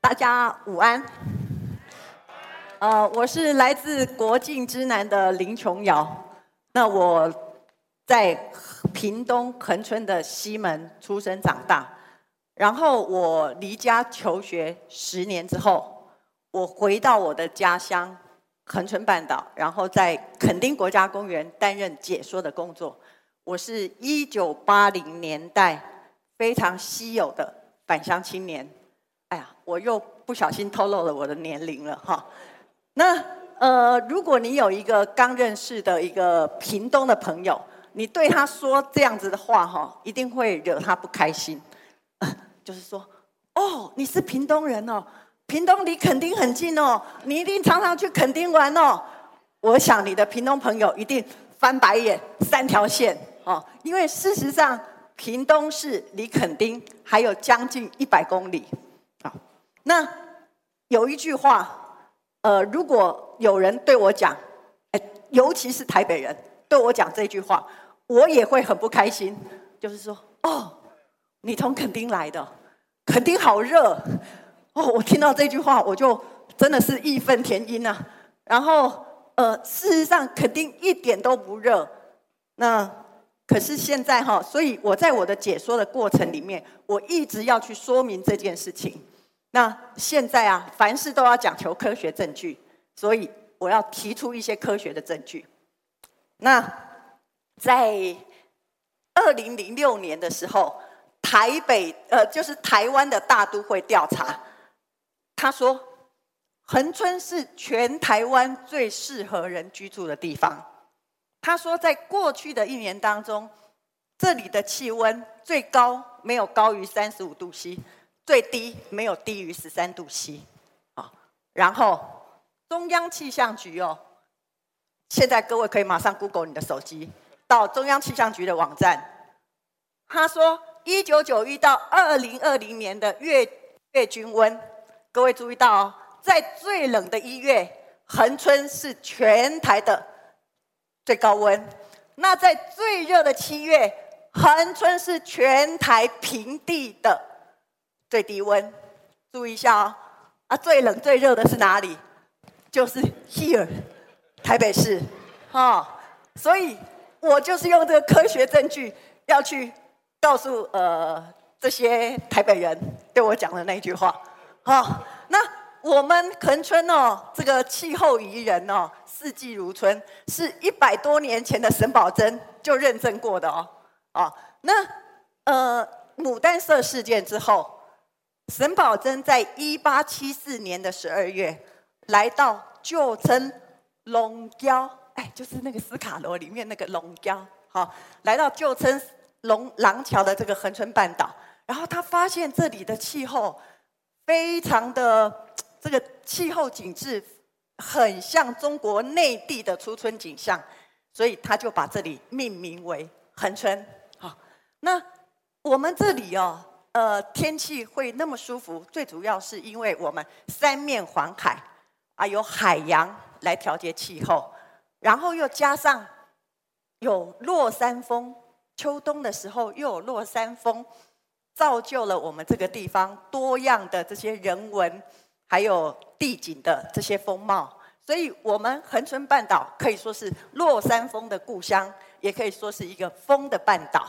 大家午安。呃，我是來自國境之南的林瓊瑤。那我在屏東恆春的西門出生長大，然後我離家求學十年之後，我回到我的家鄉恆春半島，然後在墾丁國家公園擔任解說的工作。我是一九八零年代非常稀有的返鄉青年。哎呀，我又不小心透露了我的年齡了哈。那呃，如果你有一個剛認識的一個屏東的朋友，你對他說這樣子的話哈，一定會惹他不開心。呃，就是說，哦，你是屏東人哦，屏東離墾丁很近哦，你一定常常去墾丁玩哦。我想你的屏東朋友一定翻白眼三條線哦，因為事實上屏東市離墾丁還有將近一百公里。那有一句話，呃，如果有人對我講，呃，尤其是台北人對我講這句話，我也會很不開心。就是說，哦，你從墾丁來的，墾丁好熱，哦，我聽到這句話，我就真的是義憤填膺啊。然後，呃，事實上墾丁一點都不熱。那可是現在哈，所以我在我的解說的過程裡面，我一直要去說明這件事情。那現在啊，凡事都要講求科學證據，所以我要提出一些科學的證據。那在二零零六年的時候，台北呃，就是台灣的大都會調查，他說，恆春是全台灣最適合人居住的地方。他說，在過去的一年當中，這裡的氣溫最高沒有高於三十五度 C。最低沒有低於十三度七，啊，然後中央氣象局哦，現在各位可以馬上 Google 你的手機，到中央氣象局的網站。他說，一九九一到二零二零年的月月均溫，各位注意到哦，在最冷的一月，恆春是全台的最高溫；那在最熱的七月，恆春是全台平地的。最低溫，注意一下哦！啊，最冷最熱的是哪裡？就是 here 台北市，哈、哦。所以我就是用這個科學證據要去告訴呃這些台北人，對我講的那句話，哈、哦。那我們恆春哦，這個氣候宜人哦，四季如春，是一百多年前的沈葆楨就認證過的哦，啊、哦。那呃，牡丹社事件之後。沈葆楨在1874年的12月，來到舊稱琅嶠，哎，就是那個斯卡羅裡面那個琅嶠，好，來到舊稱琅、琅嶠的這個恆春半島，然後他發現這裡的氣候非常的這個氣候景致，很像中國內地的初春景象，所以他就把這裡命名為恆春。好，那我們這裡哦。呃，天氣會那麼舒服，最主要是因為我們三面環海，啊，有海洋來調節氣候，然後又加上有落山風，秋冬的時候又有落山風，造就了我們這個地方多樣的這些人文，還有地景的這些風貌。所以，我們恆春半島可以說是落山風的故鄉，也可以說是一個風的半島。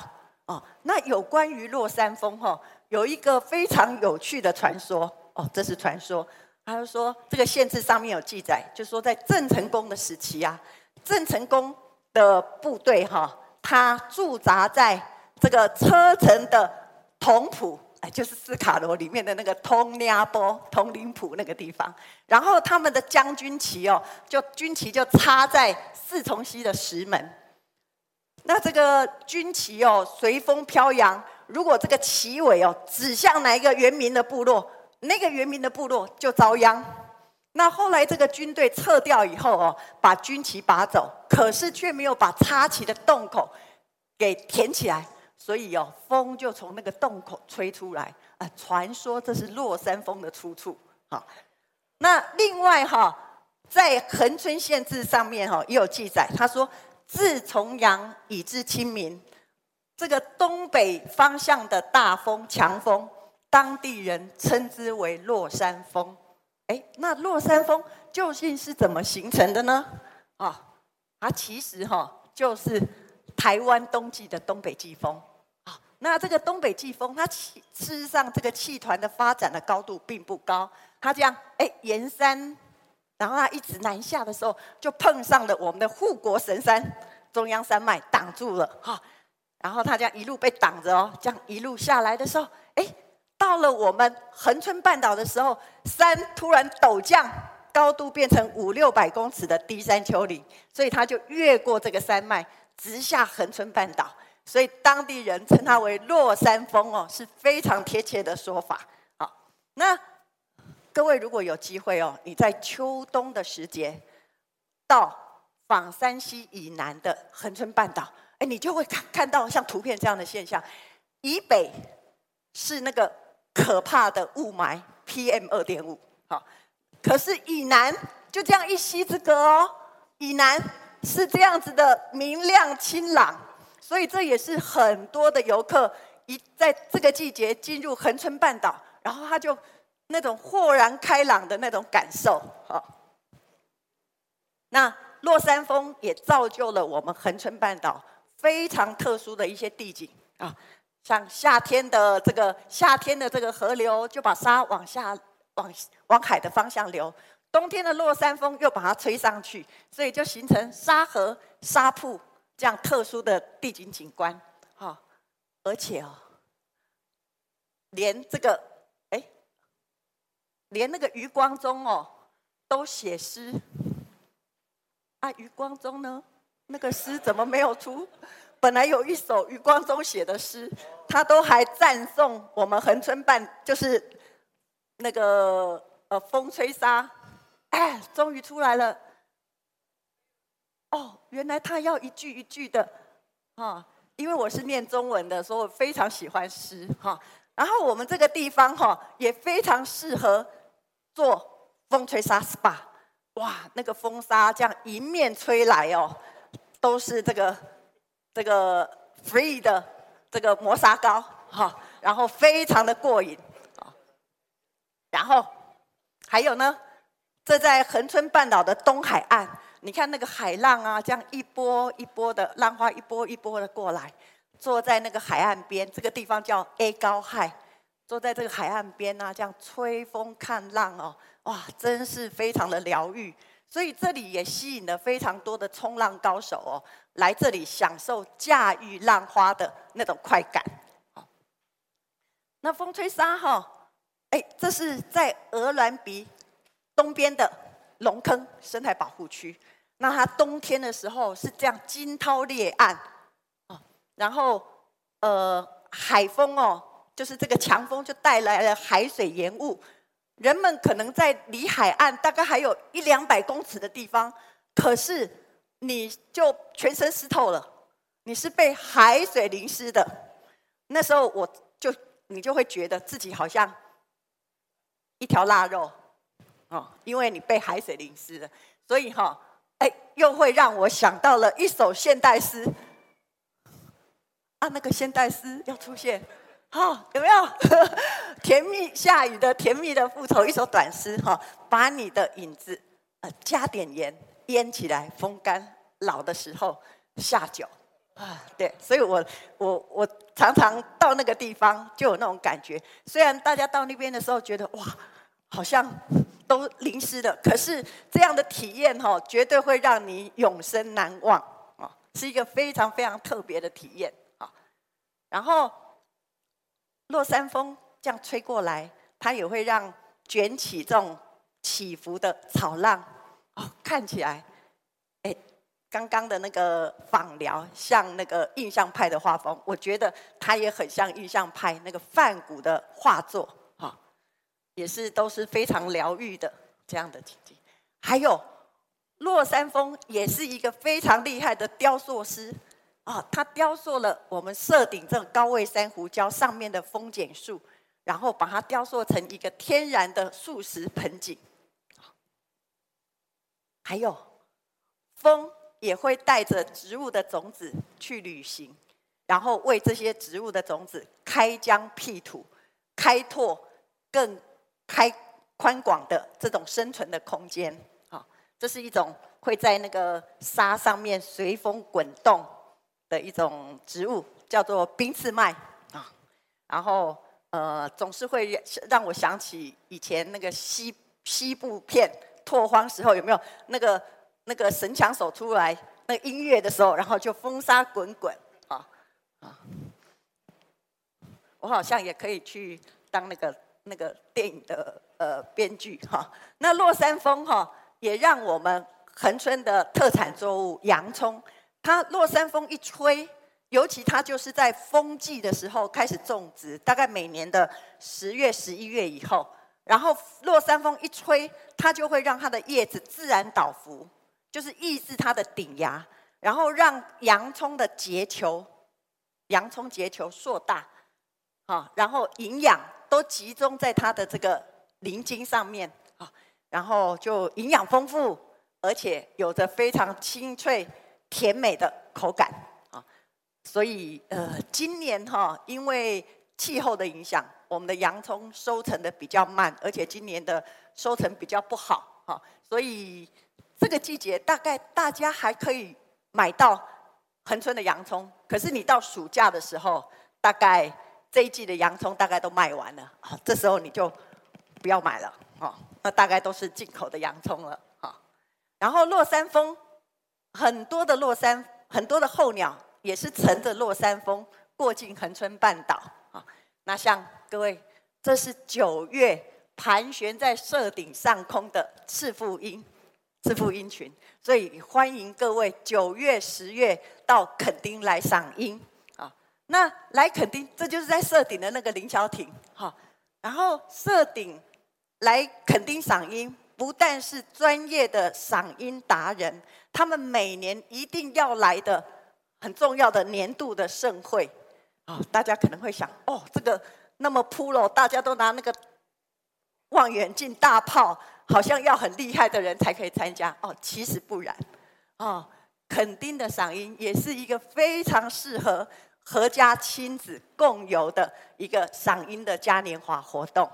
哦，那有關於落山風哈、哦，有一個非常有趣的傳說。哦，這是傳說，他說這個縣志上面有記載，就說在鄭成功的時期啊，鄭成功的部隊哈、哦，他駐紮在這個車城的統埔，哎，就是斯卡羅裡面的那個通尼亞波、統領埔那個地方，然後他們的將軍旗哦，就軍旗就插在四重溪的石門。那這個軍旗哦，隨風飄揚。如果這個旗尾哦指向哪一個原民的部落，那個原民的部落就遭殃。那後來這個軍隊撤掉以後哦，把軍旗拔走，可是卻沒有把插旗的洞口給填起來，所以哦，風就從那個洞口吹出來。啊、呃，傳說這是落山風的出處。好，那另外哈、哦，在《恆春縣志》上面哈、哦、也有記載，他說。自重陽以至清明，這個東北方向的大風、強風，當地人稱之為落山風。誒，那落山風究竟是怎麼形成的呢？啊、哦、啊，其實哈、哦，就是台灣冬季的東北季風。啊、哦，那這個東北季風，它其事實上這個氣團的發展的高度並不高，它這樣哎沿山，然後他一直南下的時候，就碰上了我們的護國神山中央山脈，擋住了哈。然後他這樣一路被擋着哦，這樣一路下來的時候，誒，到了我們恆春半島的時候，山突然陡降，高度變成五六百公尺的低山丘陵，所以他就越過這個山脈，直下恆春半島。所以當地人稱它為落山峰風，哦，是非常貼切的說法。好，那。各位，如果有機會哦，你在秋冬的時節到枋山溪以南的恆春半島，哎，你就會看看到像圖片這樣的現象。以北是那個可怕的霧霾 （PM 二點五）好，哦，可是以南就這樣一溪之隔哦，以南是這樣子的明亮清朗，所以這也是很多的遊客一在這個季節進入恆春半島，然後他就。那種豁然開朗的那種感受，哈。那落山風也造就了我們恆春半島非常特殊的一些地景啊，像夏天的這個夏天的這個河流，就把沙往下、往往海的方向流；冬天的落山風又把它吹上去，所以就形成沙河、沙瀑這樣特殊的地景景觀，哈。而且哦，連這個。連那個余光中哦，都寫詩。啊，余光中呢？那個詩怎麼沒有出？本來有一首余光中寫的詩，他都還讚頌我們恆春半，就是那個呃風吹沙，哎，終於出來了。哦，原來他要一句一句的，啊、哦，因為我是念中文的，所以我非常喜歡詩哈、哦。然後我們這個地方哈、哦，也非常適合。做風吹沙 SPA，哇，那個風沙這樣迎面吹來哦，都是這個這個 free 的這個磨砂膏哈，然後非常的過癮。然後還有呢，這在恆春半島的東海岸，你看那個海浪啊，這樣一波一波的浪花一波一波一波的過來，坐在那個海岸邊，這個地方叫 A 高海。坐在這個海岸邊啊，這樣吹風看浪哦，哇，真是非常的療癒。所以這裡也吸引了非常多的衝浪高手哦，來這裡享受駕馭浪花的那種快感。那風吹沙哈，哦，哎，這是在鵝鑾鼻東邊的龍坑生態保護區。那它冬天的時候是這樣驚濤裂岸哦，然後呃海風哦。就是這個強風就帶來了海水鹽霧，人們可能在離海岸大概還有一兩百公尺的地方，可是你就全身濕透了，你是被海水淋濕的。那時候我就你就會覺得自己好像一條臘肉，哦，因為你被海水淋濕了，所以哈，哎，又會讓我想到了一首現代詩。啊，那個現代詩要出現。好、oh，有沒有？ 甜蜜下雨的，甜蜜的復仇，一首短詩。哈、哦，把你的影子，呃、加點鹽醃起來，風乾，老的時候下酒。啊、哦，對，所以我我我常常到那個地方就有那種感覺。雖然大家到那邊的時候覺得哇，好像都淋濕了，可是這樣的體驗哈、哦，絕對會讓你永生難忘。啊、哦，是一個非常非常特別的體驗。啊、哦，然後。落山風這樣吹過來，它也會讓捲起這種起伏的草浪，哦，看起來，哎，剛剛的那個仿聊像那個印象派的畫風，我覺得它也很像印象派那個梵谷的畫作，哈，也是都是非常療癒的這樣的情景、景。還有落山風也是一個非常厲害的雕塑師。哦，它雕塑了我們社頂這種高位珊瑚礁上面的風剪樹，然後把它雕塑成一個天然的樹石盆景。還有，風也會帶着植物的種子去旅行，然後為這些植物的種子開疆闢土，開拓更開寬廣的這種生存的空間。哦，這是一種會在那個沙上面隨風滾動的一種植物叫做濱刺麥啊，然後呃總是會讓我想起以前那個西西部片拓荒時候有沒有那個那個神槍手出來那音樂的時候，然後就風沙滾滾啊啊！我好像也可以去當那個那個電影的呃編劇哈、啊。那落山風哈，也讓我們恆春的特產作物洋蔥。它落山風一吹，尤其它就是在風季的時候開始種植，大概每年的十月、十一月以後，然後落山風一吹，它就會讓它的葉子自然倒伏，就是抑制它的頂芽，然後讓洋蔥的結球，洋蔥結球碩大，好，然後營養都集中在它的這個鱗莖上面，好，然後就營養豐富，而且有着非常清脆。甜美的口感啊，所以呃，今年哈，因為氣候的影響，我們的洋蔥收成的比較慢，而且今年的收成比較不好哈，所以這個季節大概大家還可以買到恆春的洋蔥，可是你到暑假的時候，大概這一季的洋蔥大概都賣完了，這時候你就不要買了啊，那大概都是進口的洋蔥了哈。然後落山風。很多的落山，很多的候鳥也是乘着落山風過境恆春半島啊。那像各位，這是九月盤旋在社頂上空的赤腹鷹，赤腹鷹群。所以歡迎各位九月、十月到墾丁來賞鷹啊。那來墾丁，這就是在社頂的那個凌霄亭哈。然後社頂來墾丁賞鷹。不但是專業的賞鷹達人，他們每年一定要來的很重要的年度的盛會，哦，大家可能會想，哦，這個那麼 Pro，哦，大家都拿那個望遠鏡大炮，好像要很厲害的人才可以參加，哦，其實不然，哦，墾丁的賞鷹也是一個非常適合合家親子共遊的一個賞鷹的嘉年華活動。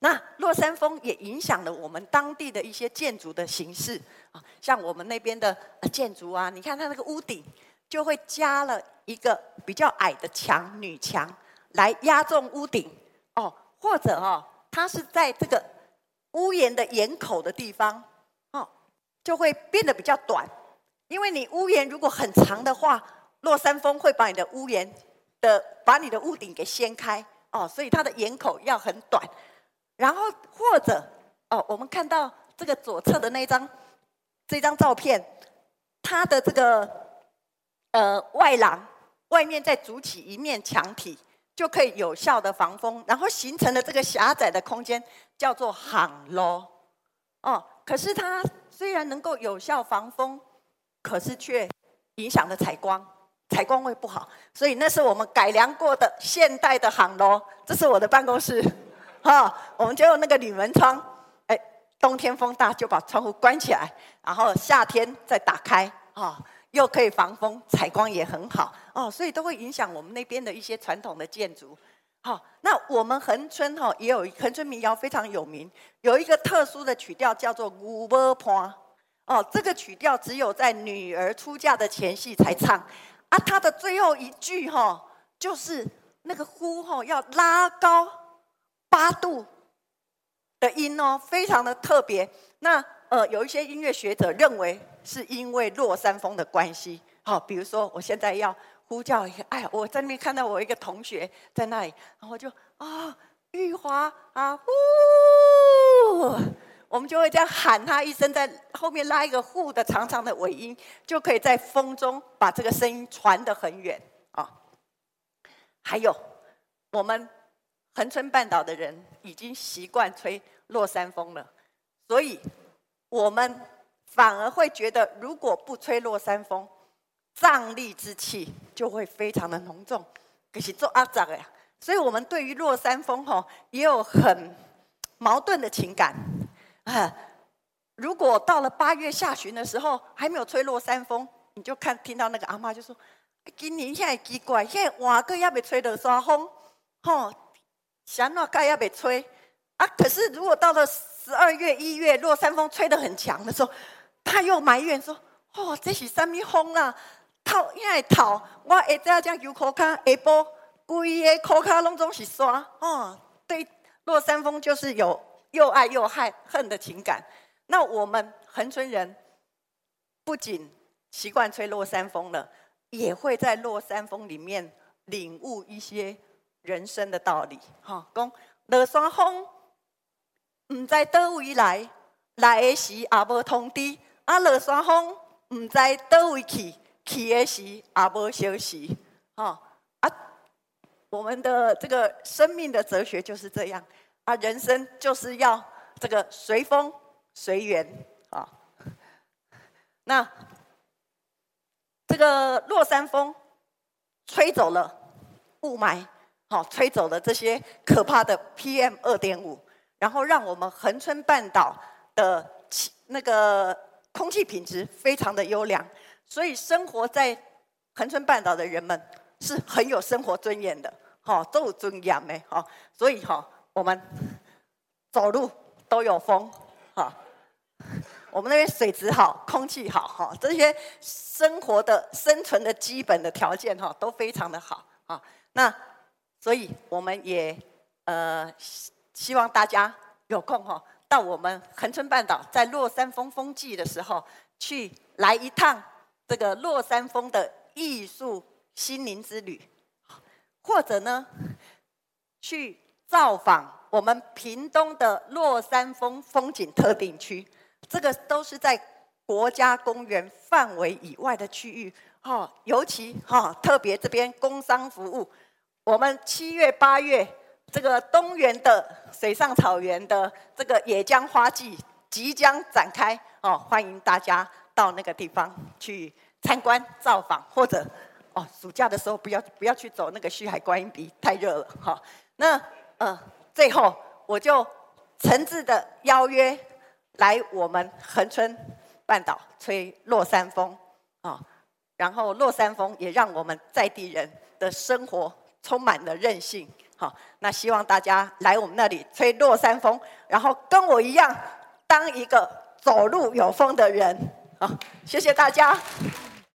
那落山風也影響了我們當地的一些建築的形式啊，像我們那邊的建築啊，你看它那個屋頂就會加了一個比較矮的牆，女牆來壓住屋頂哦，或者哦，它是在這個屋檐的檐口的地方哦，就會變得比較短，因為你屋檐如果很長的話，落山風會把你的屋檐的把你的屋頂給掀開哦，所以它的檐口要很短。然後或者哦，我們看到這個左側的那張這張照片，它的這個呃外廊外面再築起一面牆體，就可以有效的防風，然後形成了這個狹窄的空間叫做巷路。哦，可是它雖然能夠有效防風，可是卻影響了採光，採光會不好。所以那是我們改良過的現代的巷路。這是我的辦公室。哈、哦，我們就用那個鋁門窗，哎，冬天風大就把窗戶關起來，然後夏天再打開，哈、哦，又可以防風，採光也很好，哦，所以都會影響我們那邊的一些傳統的建築。好、哦，那我們恆春哈也有恆春民謠非常有名，有一個特殊的曲調叫做“嗚波坡”，哦，這個曲調只有在女兒出嫁的前夕才唱，啊，它的最後一句哈、哦、就是那個呼哈、哦、要拉高。八度的音哦，非常的特別。那呃，有一些音樂學者認為是因為落山風的關係。好、哦，比如說我現在要呼叫一下，哎呀，我在那邊看到我一個同學在那裡，然後就啊、哦，玉華啊，呼，我們就會這樣喊他一聲，在後面拉一個呼的長長的尾音，就可以在風中把這個聲音傳得很遠啊、哦。還有我們。恆春半島的人已經習慣吹落山風了，所以我們反而會覺得，如果不吹落山風，瘴癘之氣就會非常的濃重。可是做阿宅呀，所以我們對於落山風哈也有很矛盾的情感啊。如果到了八月下旬的時候還沒有吹落山風，你就看聽到那個阿媽就說：“今年真在奇怪，現在瓦國也被吹落山風，吼。”想那蓋要被吹啊！可是如果到了十二月、一月，落山風吹得很強的時候，他又埋怨說：“哦，這是什麼風啊？討厭！討我我下只將油口卡，下晡規的口卡攏總洗刷哦。”對，落山風就是有又愛又恨恨的情感。那我們恆春人不僅習慣吹落山風了，也會在落山風裡面領悟一些人生的道理，哈，講落山風，唔知叨位來，來時也無通知；啊，落山風唔知叨位去，去時也無消息。哈，啊，我們的這個生命的哲學就是這樣。啊，人生就是要這個隨風隨緣啊。那這個落山風吹走了霧霾。好，吹走了這些可怕的 PM 二點五，然後讓我們恆春半島的氣那個空氣品質非常的優良，所以生活在恆春半島的人們是很有生活尊嚴的，好都有尊嚴哎，好，所以好我們走路都有風，哈，我們那邊水質好，空氣好，哈，這些生活的生存的基本的條件哈都非常的好，啊，那。所以，我們也呃希望大家有空哈，到我們恆春半島，在落山風風季的時候去來一趟這個落山風的藝術心靈之旅，或者呢，去造訪我們屏東的落山風風景特定區，這個都是在國家公園範圍以外的區域，哈，尤其哈，特別這邊工商服務。我們七月八月，這個東源的水上草原的這個野薑花季即將展開哦，歡迎大家到那個地方去參觀、造訪，或者哦，暑假的時候不要不要去走那個旭海觀音鼻，太熱了哈、哦。那呃最後我就誠摯的邀約，來我們恆春半島吹落山風啊、哦，然後落山風也讓我們在地人的生活充滿了韌性，好，那希望大家來我們那裡吹落山風，然後跟我一樣當一個走路有風的人，好，謝謝大家。